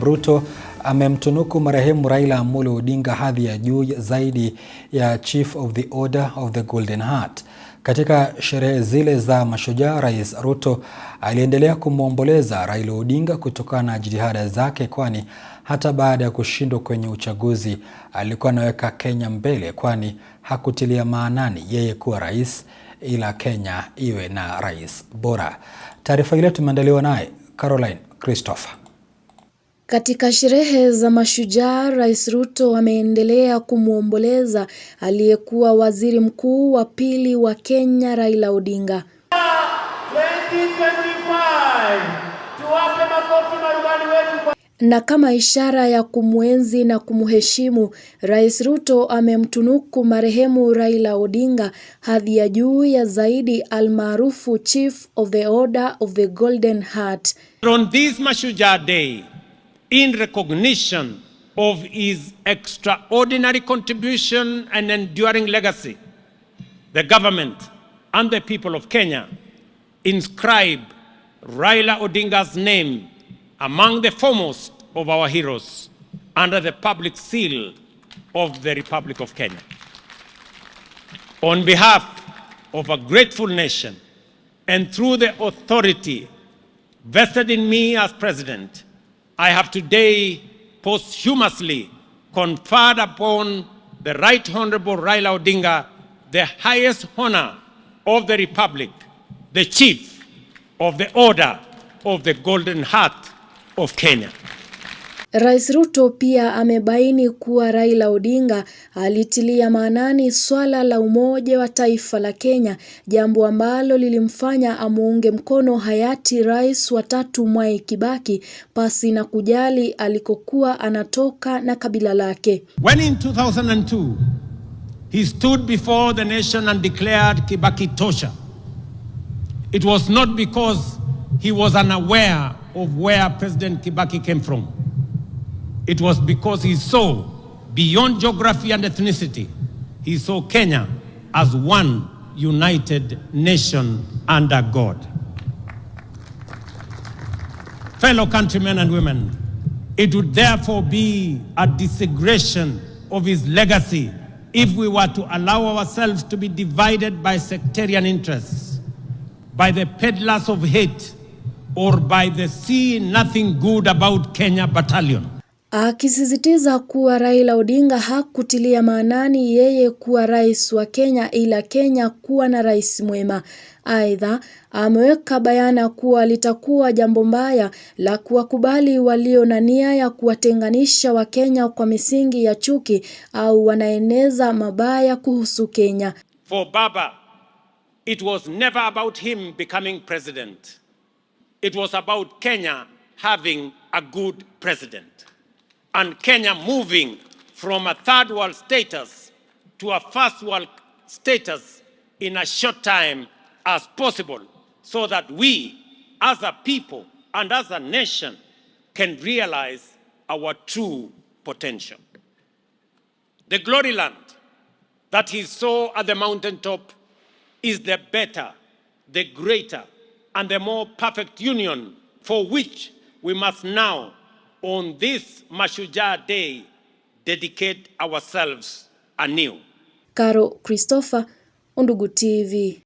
William Ruto amemtunuku marehemu Raila Amolo Odinga hadhi ya juu zaidi ya Chief of the Order of the Golden Heart. Katika sherehe zile za mashujaa, Rais Ruto aliendelea kumwomboleza Raila Odinga kutokana na jitihada zake, kwani hata baada ya kushindwa kwenye uchaguzi alikuwa anaweka Kenya mbele, kwani hakutilia maanani yeye kuwa rais, ila Kenya iwe na rais bora. Taarifa ile tumeandaliwa naye Caroline Christopher. Katika sherehe za Mashujaa, Rais Ruto ameendelea kumwomboleza aliyekuwa waziri mkuu wa pili wa Kenya Raila Odinga. 2025. Tuwape makofi marubani wetu kwa... Na kama ishara ya kumwenzi na kumheshimu, Rais Ruto amemtunuku marehemu Raila Odinga hadhi ya juu ya zaidi almaarufu Chief of the Order of the Golden Heart. On this Mashujaa Day, in recognition of his extraordinary contribution and enduring legacy, the government and the people of Kenya inscribe Raila Odinga's name among the foremost of our heroes under the public seal of the Republic of Kenya. On behalf of a grateful nation and through the authority vested in me as president, I have today posthumously conferred upon the Right Honorable Raila Odinga the highest honor of the Republic, the Chief of the Order of the Golden Heart of Kenya. Rais Ruto pia amebaini kuwa Raila Odinga alitilia maanani swala la umoja wa taifa la Kenya, jambo ambalo lilimfanya amuunge mkono hayati rais wa tatu Mwai Kibaki pasi na kujali alikokuwa anatoka na kabila lake. When in 2002 he stood before the nation and declared Kibaki tosha. It was not because he was unaware of where President Kibaki came from. It was because he saw beyond geography and ethnicity, he saw Kenya as one united nation under God. Fellow countrymen and women, it would therefore be a desecration of his legacy if we were to allow ourselves to be divided by sectarian interests, by the peddlers of hate, or by the see nothing good about Kenya battalion. Akisisitiza kuwa Raila Odinga hakutilia maanani yeye kuwa rais wa Kenya ila Kenya kuwa na rais mwema. Aidha, ameweka bayana kuwa litakuwa jambo mbaya la kuwakubali walio na nia ya kuwatenganisha Wakenya kwa misingi ya chuki au wanaeneza mabaya kuhusu Kenya. For Baba, it was never about him becoming president. It was about Kenya having a good president and Kenya moving from a third world status to a first world status in a short time as possible so that we as a people and as a nation can realize our true potential. The glory land that he saw at the mountaintop is the better, the greater, and the more perfect union for which we must now on this Mashujaa Day dedicate ourselves anew. Caro Christopher, Undugu TV.